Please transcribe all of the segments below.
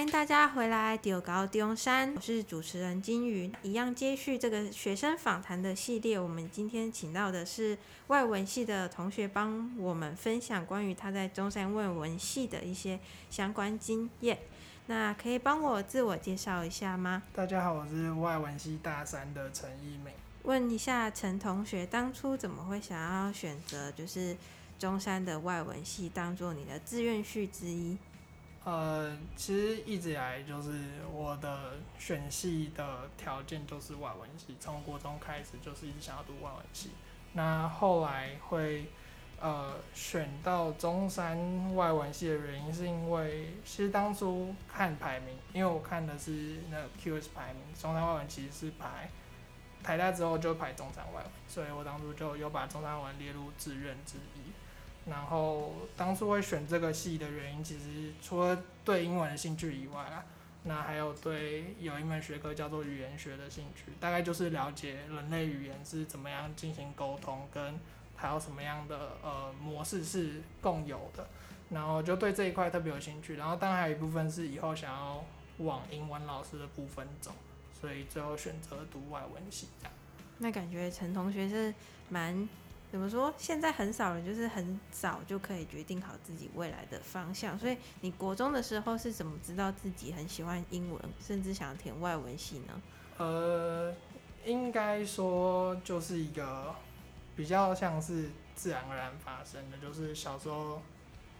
歡迎大家回來，丟高丟山，我是主持人金魚，一樣接續這個學生訪談的系列。我們今天請到的是外文系的同學，幫我們分享關於他在中山外文系的一些相關經驗。那可以幫我自我介紹一下嗎？大家好，我是外文系大三的陳義美。問一下陳同學，當初怎麼會想要選擇就是中山的外文系，當做你的志願序之一？呃，其實一直以來就是我的選系的條件就是外文系，從國中開始就是一直想要讀外文系。那後來會呃選到中山外文系的原因，是因為其實當初看排名，因為我看的是那 QS 排名，中山外文其實是排台大之後就排中山外文，所以我當初就有把中山外文列入志願之一。然後當初會選這個系的原因，其實除了對英文的興趣以外啦。那還有對有一門學科叫做語言學的興趣，大概就是了解人類語言是怎麼樣進行溝通，跟還有什麼樣的呃模式是共有的，然後就對這一塊特別有興趣。然後當然還有一部分是以後想要往英文老師的部分走，所以最後選擇讀外文系這樣。那感覺陳同學是蠻。怎麼說？現在很少人就是很早就可以決定好自己未來的方向。所以你國中的時候是怎麼知道自己很喜歡英文，甚至想填外文系呢？呃，應該說就是一個比較像是自然而然發生的。就是小時候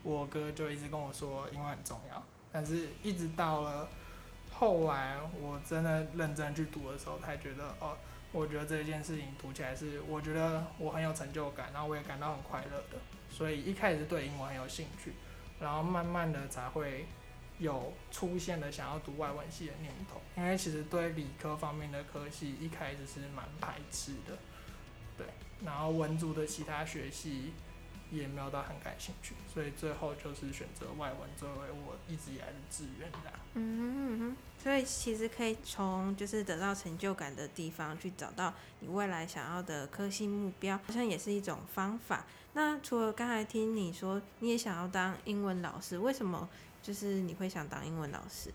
我哥就一直跟我說英文很重要，但是一直到了後來我真的認真去讀的時候，才覺得哦。我覺得這件事情讀起來是，我覺得我很有成就感，然後我也感到很快樂的，所以一開始對英文很有興趣，然後慢慢的才會有出現的想要讀外文系的念頭，因為其實對理科方面的科系一開始是蠻排斥的，對，然後文組的其他學系，也沒有到很感興趣，所以最後就是選擇外文作為我一直以來的志願啦。嗯哼，所以其實可以從就是得到成就感的地方去找到你未來想要的科系目標，好像也是一種方法。那除了剛才聽你說你也想要當英文老師，為什麼就是你會想當英文老師？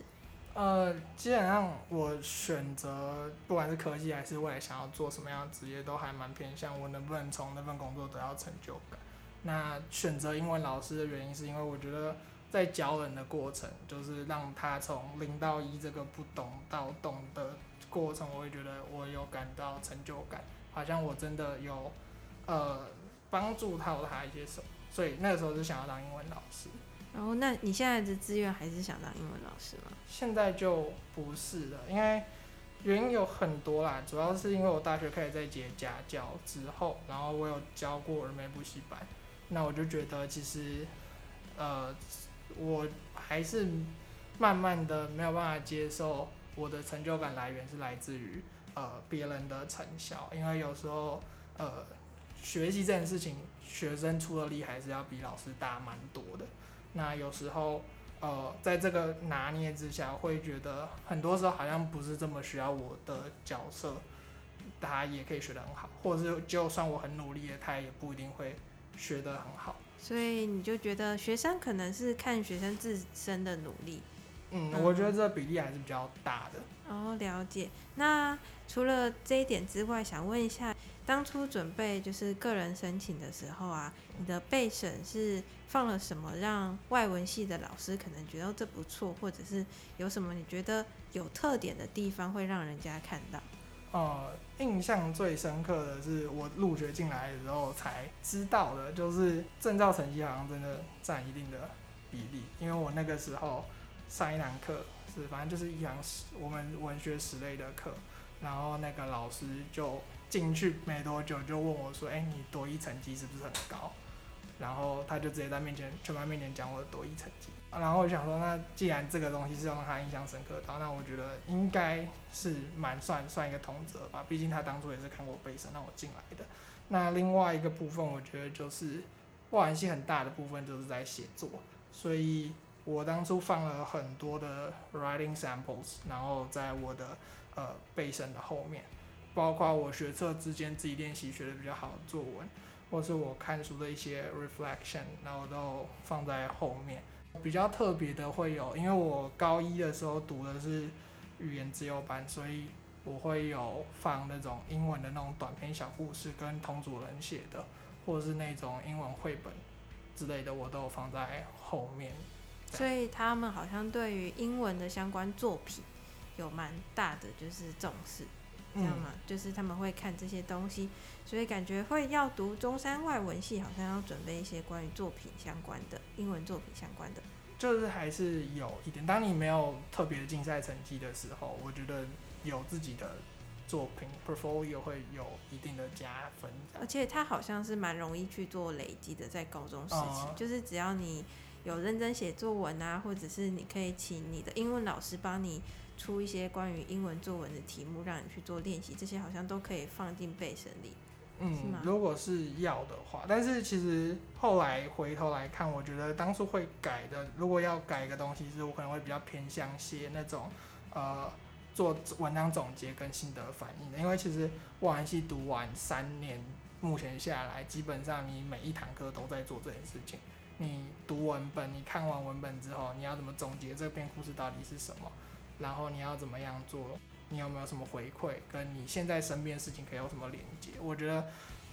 呃，基本上我選擇不管是科系還是未來想要做什麼樣的職業，都還蠻偏向我能不能從那份工作得到成就感。那選擇英文老師的原因，是因為我覺得在教人的過程，就是讓他從零到一這個不懂到懂的過程，我會覺得我有感到成就感，好像我真的有呃幫助到他一些什麼，所以那個時候是想要當英文老師。然後、哦，那你現在的志願還是想當英文老師嗎？現在就不是了，因為原因有很多啦，主要是因為我大學開始在接家教之後，然後我有教過人美補習班。那我就覺得，其實，呃，我還是慢慢的沒有辦法接受我的成就感來源是來自於呃別人的成效，因為有時候，呃，學習這件事情，學生出的力還是要比老師大蠻多的。那有時候，呃，在這個拿捏之下，會覺得很多時候好像不是這麼需要我的角色，他也可以學得很好，或者是就算我很努力的，他也不一定會。學得很好，所以你就覺得學生可能是看學生自身的努力？嗯，我覺得這比例還是比較大的。嗯。哦，了解。那除了這一點之外，想問一下，當初準備就是個人申請的時候啊，你的備審是放了什麼，讓外文系的老師可能覺得這不錯，或者是有什麼你覺得有特點的地方會讓人家看到？呃、嗯，印象最深刻的是我入學進來的時候才知道的，就是證照成績好像真的占一定的比例。因為我那個時候上一堂課是，反正就是一堂我們文學史類的課，然後那個老師就進去沒多久就問我說：“哎、欸，你多益成績是不是很高？”然後他就直接在面前全班面前講我的多益成績。然後我想說，那既然這個東西是要讓他印象深刻到，那我覺得應該是蠻算算一個通則吧。畢竟他當初也是看過我備審讓我進來的。那另外一個部分，我覺得就是外文系很大的部分就是在寫作。所以我當初放了很多的 writing samples，然後在我的呃備審的後面，包括我學測之間自己練習學的比較好的作文，或是我看書的一些 reflection，然後都放在後面。比較特別的會有，因為我高一的時候讀的是語言資優班，所以我會有放那種英文的那種短篇小故事跟同組人寫的，或是那種英文繪本之類的，我都有放在後面。所以他們好像對於英文的相關作品有蠻大的就是重視。這樣嘛、啊，嗯、就是他們會看這些東西，所以感覺會要讀中山外文系，好像要準備一些關於作品相關的、英文作品相關的。就是還是有一點，當你沒有特別的競賽成績的時候，我覺得有自己的作品 portfolio 會有一定的加分。而且它好像是蠻容易去做累積的，在高中時期，嗯、就是只要你有認真寫作文啊，或者是你可以請你的英文老師幫你。出一些關於英文作文的題目，讓你去做練習，這些好像都可以放進備審裡。是嗎？嗯，如果是要的話，但是其實後來回頭來看，我覺得當初會改的，如果要改一個東西，是我可能會比較偏向些那種，呃，做文章總結跟心得反應的。因為其實我還是讀完三年，目前下來，基本上你每一堂課都在做這件事情。你讀文本，你看完文本之後，你要怎麼總結這篇故事到底是什麼？然後你要怎麼樣做？你有沒有什麼回饋？跟你現在身邊的事情可以有什麼連接？我覺得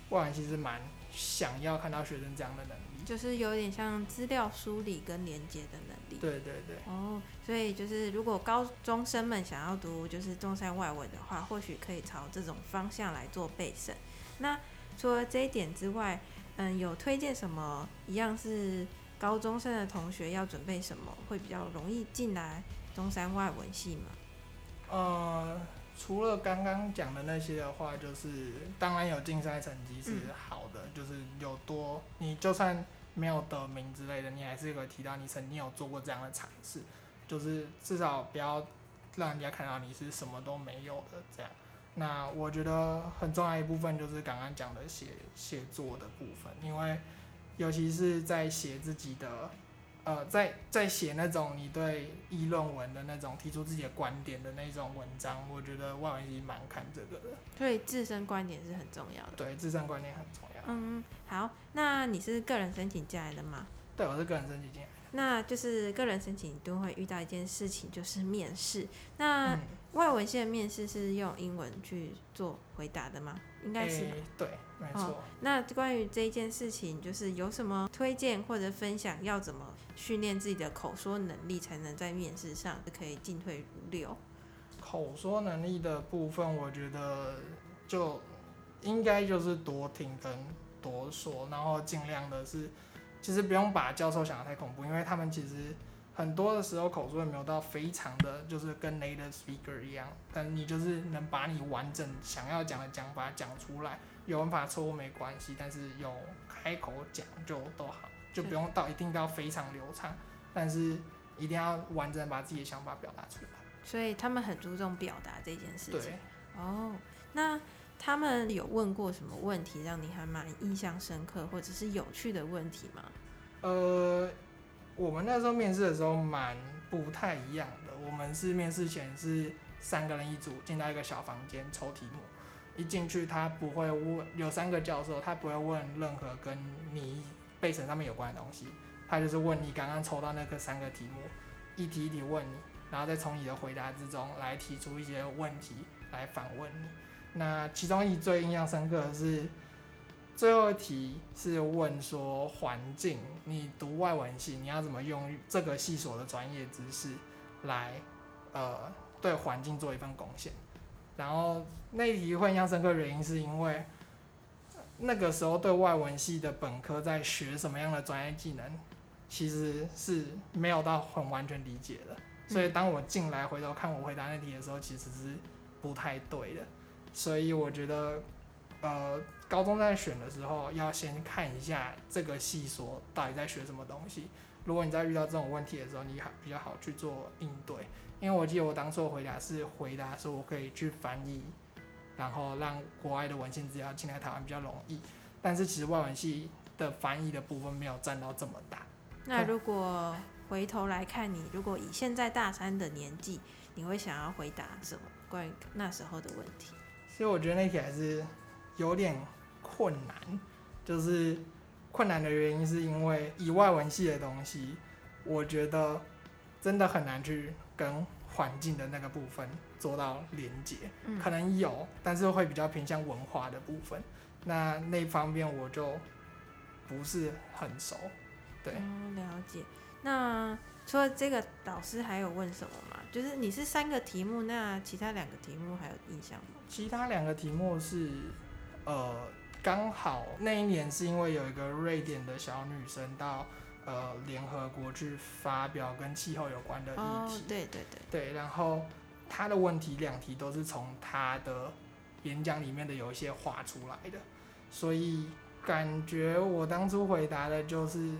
外文其實蠻想要看到學生這樣的能力，就是有點像資料梳理跟連接的能力。對對對。哦，所以就是如果高中生們想要讀就是中山外文的話，或許可以朝這種方向來做備審。那除了這一點之外，嗯，有推薦什麼一樣是？高中生的同學要準備什麼會比較容易進來中山外文系嗎？呃，除了剛剛講的那些的話，就是當然有競賽成績是好的，嗯、就是有多你就算沒有得名之類的，你還是有提到你曾經你有做過這樣的嘗試，就是至少不要讓人家看到你是什麼都沒有的這樣。那我覺得很重要一部分就是剛剛講的寫寫作的部分，因為。尤其是在寫自己的，呃，在在寫那種你對議論文的那種提出自己的觀點的那種文章，我覺得外文系蠻看這個的。所以，自身觀點是很重要的。對，自身觀點很重要。嗯，好，那你是個人申請進來的嗎？對，我是個人申請。那就是個人申請都會遇到一件事情，就是面試。嗯、那外文系的面試是用英文去做回答的嗎？應該是、欸、對，沒錯。哦、那關於這件事情，就是有什麼推薦或者分享，要怎麼訓練自己的口說能力，才能在面試上可以進退如流？口說能力的部分，我覺得就應該就是多聽跟多說，然後儘量的是。其實不用把教授想得太恐怖，因為他們其實很多的時候口說也沒有到非常的，就是跟 native speaker 一樣，但你就是能把你完整想要講的講法講出來，有文法錯誤沒關係，但是有開口講就都好，就不用到一定要非常流暢，但是一定要完整把自己的想法表達出來。所以他們很注重表達這件事情。對，哦，oh, 那。他們有問過什麼問題讓你還蠻印象深刻或者是有趣的問題嗎？呃，我們那時候面試的時候蠻不太一樣的。我們是面試前是三個人一組進到一個小房間抽題目，一進去他不會問，有三個教授他不會問任何跟你備審上面有關的東西，他就是問你剛剛抽到那個三個題目，一題一題問你，然後再從你的回答之中來提出一些問題來反問你。那其中一題最印象深刻的是，最後一題是問說環境，你讀外文系你要怎麼用這個系所的專業知識，來，呃，對環境做一份貢獻。然後那一題會印象深刻原因是因為，那個時候對外文系的本科在學什麼樣的專業技能，其實是沒有到很完全理解的。所以當我進來回頭看我回答那題的時候，其實是不太對的。所以我覺得，呃，高中在選的時候要先看一下這個系所到底在學什麼東西。如果你在遇到這種問題的時候，你好比較好去做應對。因為我記得我當初回答是回答說，所以我可以去翻譯，然後讓國外的文獻資料進來台灣比較容易。但是其實外文系的翻譯的部分沒有佔到這麼大。那如果回頭來看你，你如果以現在大三的年紀，你會想要回答什麼關於那時候的問題？所以我覺得那題還是有點困難，就是困難的原因是因為以外文系的東西，我覺得真的很難去跟環境的那個部分做到連接，嗯、可能有，但是會比較偏向文化的部分，那那方面我就不是很熟，對，哦、了解，那。除了這個老師還有問什麼嗎？就是你是三個題目，那其他兩個題目還有印象嗎？其他兩個題目是，呃，剛好那一年是因為有一個瑞典的小女生到呃聯合國去發表跟氣候有關的議題，哦、對對對，對，然後他的問題兩題都是從他的演講裡面的有一些畫出來的，所以感覺我當初回答的就是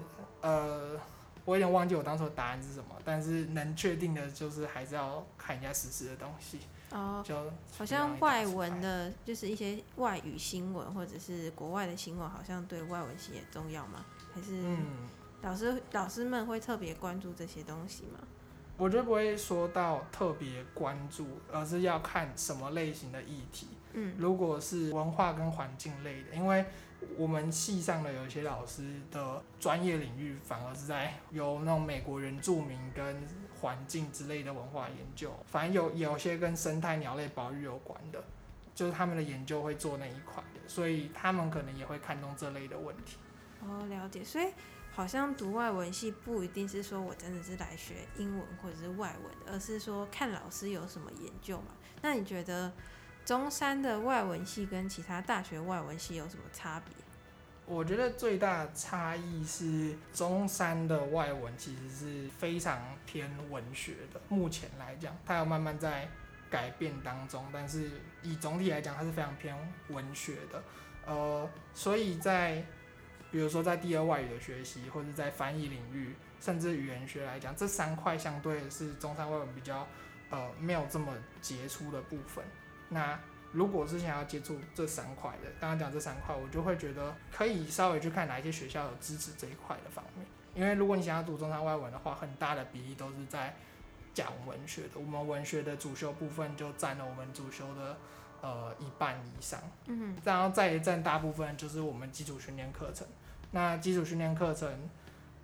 呃。我有點忘記我當時答案是什麼，但是能確定的就是還是要看人家時事的東西。哦，就好像外文的，就是一些外語新聞或者是國外的新聞，好像對外文系也重要嗎？還是老師、嗯、老師們會特別關注這些東西嗎？我覺得不會說到特別關注，而是要看什麼類型的議題。嗯，如果是文化跟環境類的，因為。我們系上的有一些老師的專業領域反而是在有那種美國原住民跟環境之類的文化研究，反正有有些跟生態鳥類保育有關的，就是他們的研究會做那一塊，所以他們可能也會看中這類的問題。哦，了解。所以好像讀外文系不一定是說我真的是來學英文或者是外文，而是說看老師有什麼研究嘛。那你覺得？中山的外文系跟其他大學外文系有什麼差別？我覺得最大的差異是中山的外文其實是非常偏文學的。目前來講，它有慢慢在改變當中，但是以總體來講，它是非常偏文學的。呃，所以在比如說在第二外語的學習，或是在翻譯領域，甚至語言學來講，這三塊相對是中山外文比較呃沒有這麼傑出的部分。那如果是想要接觸這三塊的，剛剛講這三塊，我就會覺得可以稍微去看哪一些學校有支持這一塊的方面。因為如果你想要讀中山外文的話，很大的比例都是在講文學的。我們文學的主修部分就占了我們主修的呃一半以上，嗯哼，然後再一占大部分就是我們基礎訓練課程。那基礎訓練課程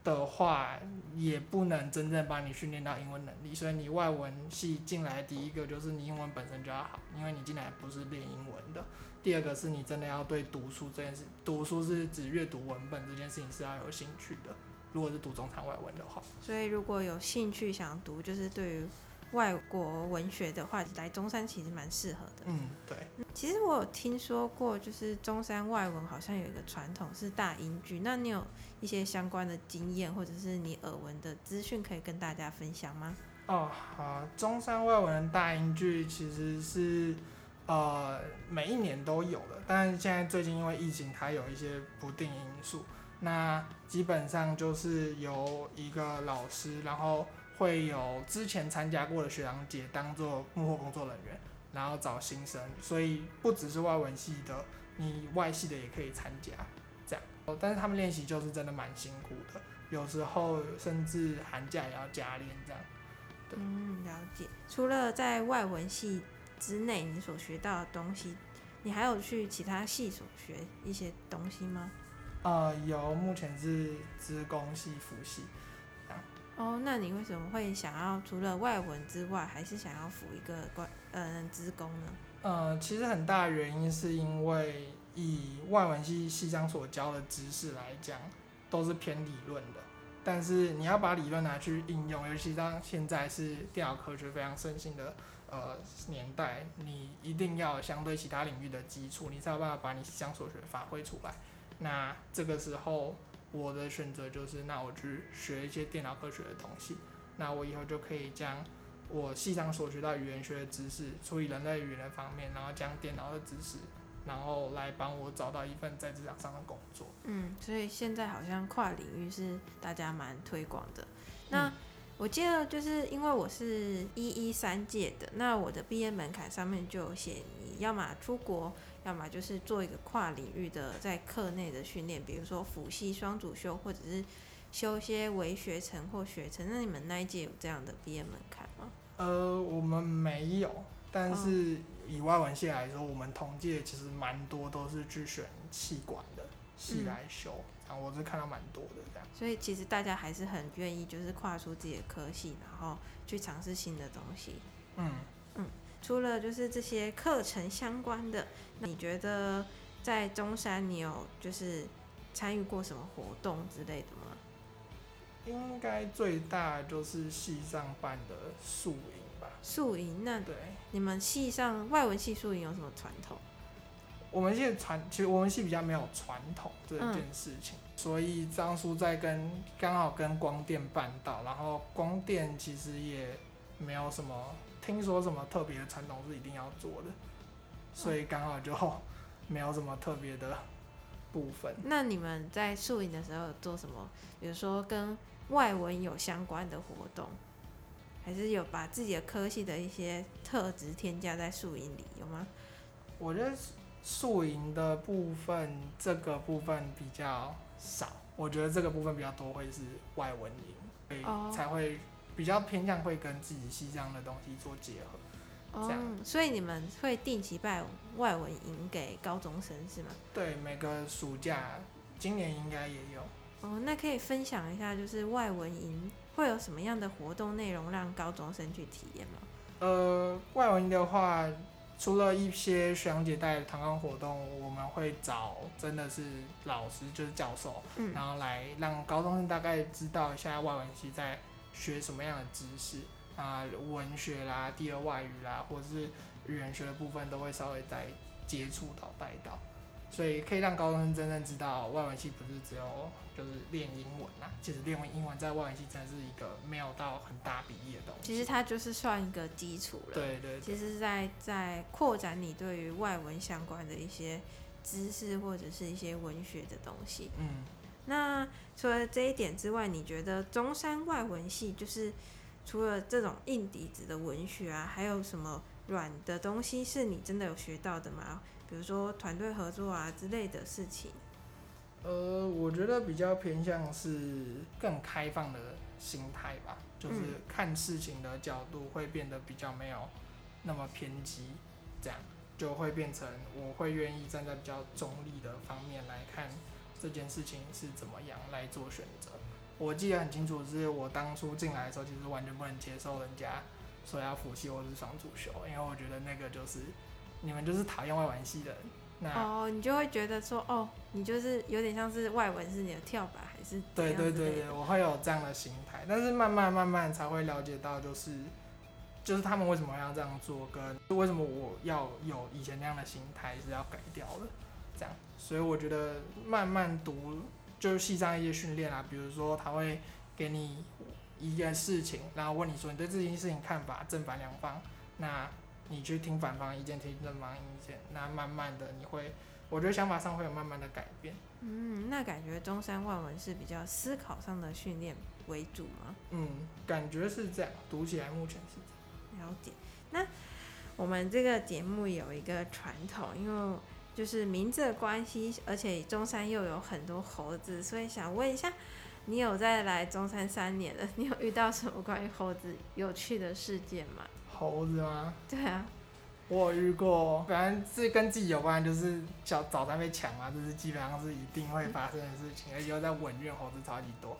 的話也不能真正幫你訓練到英文能力，所以你外文系進來第一個就是你英文本身就要好，因為你進來不是練英文的。第二個是你真的要對讀書這件事，讀書是指閱讀文本這件事情是要有興趣的。如果是讀中山外文的話，所以如果有興趣想讀，就是對於。外國文學的話，來中山其實蠻適合的。嗯，對。其實我有聽說過，就是中山外文好像有一個傳統是大英劇。那你有一些相關的經驗，或者是你耳聞的資訊，可以跟大家分享嗎？哦，好，呃。中山外文的大英劇其實是呃每一年都有的，但是現在最近因為疫情，它有一些不定因素。那基本上就是由一個老師，然後。會有之前參加過的學長姐當做幕後工作人員，然後找新生，所以不只是外文系的，你外系的也可以參加，這樣。哦，但是他們練習就是真的蠻辛苦的，有時候甚至寒假也要加練這樣。嗯，了解。除了在外文系之內你所學到的東西，你還有去其他系所學一些東西嗎？呃，有，目前是資工系輔系。哦，oh, 那你為什麼會想要除了外文之外，還是想要輔一個關嗯，資、呃、工呢？呃，其實很大的原因是因為以外文系系將所教的知識來講，都是偏理論的。但是你要把理論拿去應用，尤其當現在是電腦科學非常盛行的呃年代，你一定要有相對其他領域的基礎，你才有辦法把你將所學發揮出來。那這個時候。我的選擇就是，那我去學一些電腦科學的東西。那我以後就可以將我系上所學到語言學的知識，處理人類語言的方面，然後將電腦的知識，然後來幫我找到一份在職場上的工作。嗯，所以現在好像跨領域是大家蠻推廣的。嗯、那我記得就是因為我是一一三屆的，那我的畢業門檻上面就有寫。要麼出國，要麼就是做一個跨領域的在課內的訓練，比如說輔系雙主修，或者是修些微學程或學程。那你們那一屆有這樣的畢業門檻嗎？呃，我們沒有，但是以外文系來說，哦、我們同屆其實蠻多都是去選系管的系來修，嗯、然後我是看到蠻多的這樣。所以其實大家還是很願意就是跨出自己的科系，然後去嘗試新的東西。嗯。除了就是這些課程相關的，那你覺得在中山你有就是參與過什麼活動之類的嗎？應該最大就是系上辦的宿營吧。宿營那對你們系上外文系宿營有什麼傳統？我們系傳其實我們系比較沒有傳統這件事情，嗯、所以張叔在跟剛好跟光電辦到，然後光電其實也。沒有什麼聽說什麼特別的傳統是一定要做的，所以剛好就沒有什麼特別的部分。嗯。那你們在宿營的時候做什麼？比如說跟外文有相關的活動，還是有把自己的科系的一些特質添加在宿營裡有嗎？我覺得宿營的部分這個部分比較少，我覺得這個部分比較多會是外文營，所以才會。比較偏向會跟自己系這樣的東西做結合，oh, 這樣，所以你們會定期辦外文營給高中生是嗎？對，每個暑假，今年應該也有。哦，oh, 那可以分享一下，就是外文營會有什麼樣的活動內容讓高中生去體驗嗎？呃，外文營的話，除了一些學長姐帶的團康活動，我們會找真的是老師，就是教授，嗯、然後來讓高中生大概知道一下外文系在。學什麼樣的知識啊、呃，文學啦、第二外語啦，或者是語言學的部分，都會稍微再接觸到帶到，所以可以讓高中生真正知道，外文系不是只有就是練英文啦，其實練英文在外文系真的是一個沒有到很大比例的東西，其實它就是算一個基礎了。對，對對。其實在，在在擴展你對於外文相關的一些知識，或者是一些文學的東西。嗯。那除了這一點之外，你覺得中山外文系就是除了這種硬底子的文學啊，還有什麼軟的東西是你真的有學到的嗎？比如說團隊合作啊之類的事情？呃，我覺得比較偏向是更開放的心態吧，就是看事情的角度會變得比較沒有那麼偏激，這樣就會變成我會願意站在比較中立的方面來看。這件事情是怎麼樣來做選擇？我記得很清楚，是我當初進來的時候，其實完全不能接受人家說要輔系或是雙主修，因為我覺得那個就是你們就是討厭外文系的人。那哦，你就會覺得說，哦，你就是有點像是外文是你的跳板還是？對對對對，對對，我會有這樣的心態，但是慢慢慢慢才會了解到，就是就是他們為什麼要這樣做，跟為什麼我要有以前那樣的心態是要改掉的。這樣，所以我覺得慢慢讀，就是細藏一些訓練啦、啊。比如說他會給你一件事情，然後問你說，你對這件事情看法正反兩方。那你去聽反方意見，聽正方意見，那慢慢的你會，我覺得想法上會有慢慢的改變。嗯，那感覺中山外文是比較思考上的訓練為主嗎？嗯，感覺是這樣，讀起來目前是這樣。了解。那我們這個節目有一個傳統，因為。就是名字的關係，而且中山又有很多猴子，所以想問一下，你有再來中山三年了，你有遇到什麼關於猴子有趣的事件嗎？猴子嗎？對啊，我有遇過，反正是跟自己有關，就是小早餐被搶啊，這，就是基本上是一定會發生的事情。嗯，而且又在文院，猴子超級多。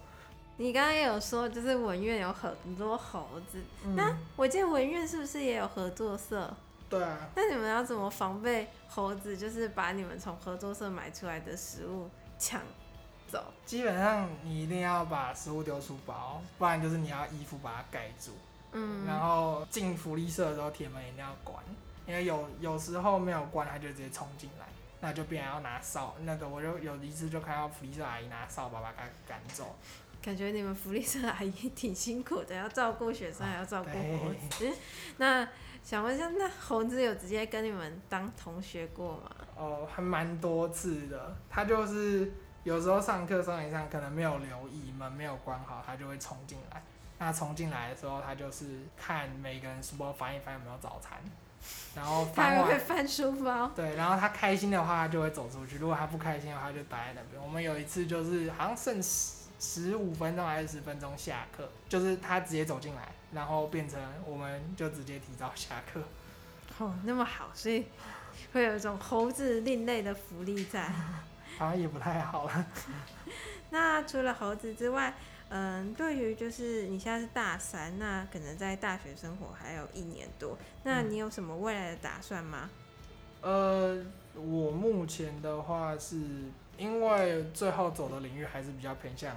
你剛剛也有說，就是文院有很多猴子，嗯，那我記得文院是不是也有合作社？對啊，那你們要怎麼防備猴子？就是把你們從合作社買出來的食物搶走？基本上你一定要把食物丟出包，不然就是你要衣服把它蓋住。嗯，然後進福利社的時候鐵門一定要關，因為有有時候沒有關，它就直接衝進來，那就必然要拿掃，那個我就有一次就看到福利社阿姨拿掃把把它趕走。感覺你們福利社阿姨挺辛苦的，要照顧學生，還要照顧猴子。啊、 那。想問一下，那猴子有直接跟你們當同學過嗎？哦，還蠻多次的。他就是有時候上課上一上，可能沒有留意門沒有關好，他就會衝進來。那衝進來的時候，他就是看每個人書包翻一翻有沒有早餐，然後翻完。他會翻書包。對，然後他開心的話，他就會走出去，如果他不開心的話，他就待在那邊。我們有一次就是好像剩十十五分鐘還是十分鐘下課？就是他直接走進來，然後變成我們就直接提早下課。哦，那麼好，所以會有一種猴子另類的福利在。好像、 啊、也不太好了。 那除了猴子之外，嗯，對於就是你現在是大三，那可能在大學生活還有一年多，那你有什麼未來的打算嗎？嗯、呃，我目前的話是。因為最後走的領域還是比較偏向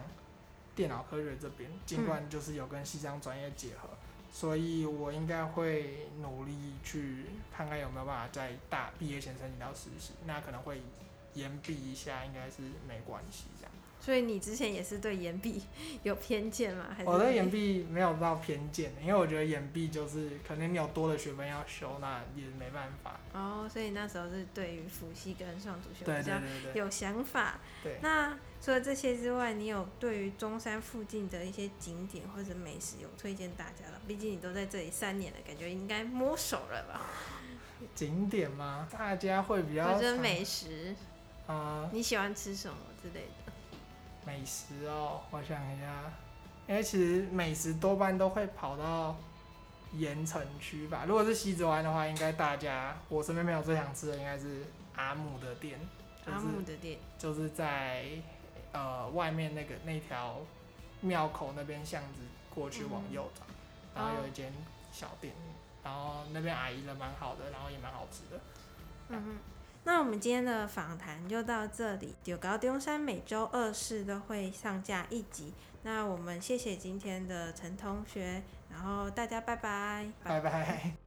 電腦科學這邊，儘管就是有跟系上專業結合，所以我應該會努力去看看有沒有辦法在大畢業前申請到實習，那可能會延畢一下，應該是沒關係這樣。所以你之前也是對延畢有偏見嗎？還是，我對延畢沒有到偏見，因為我覺得延畢就是可能你有多的學分要修，那也沒辦法。哦，oh, 所以那時候是對於輔系跟雙主修比較有想法。對，對，對，對，那除了這些之外，你有對於中山附近的一些景點或者美食有推薦大家的？畢竟你都在這裡三年了，感覺應該摸熟了吧？景點嗎？大家會比較。或者美食、嗯、你喜歡吃什麼之類的？美食哦、喔，我想一下，因為其實美食多半都會跑到鹽埕區吧。如果是西子灣的話，應該大家，我身邊沒有最想吃的應該是阿姆的店。就是、阿姆的店就是在呃外面那個那條廟口那邊巷子過去往右轉，嗯、哼然後有一間小店，然後那邊阿姨人蠻好的，然後也蠻好吃的。啊、嗯哼。那我們今天的訪談就到這裡。中猴中山每週二、四都會上架一集。那我們謝謝今天的陳同學，然後大家拜拜，拜拜。拜拜。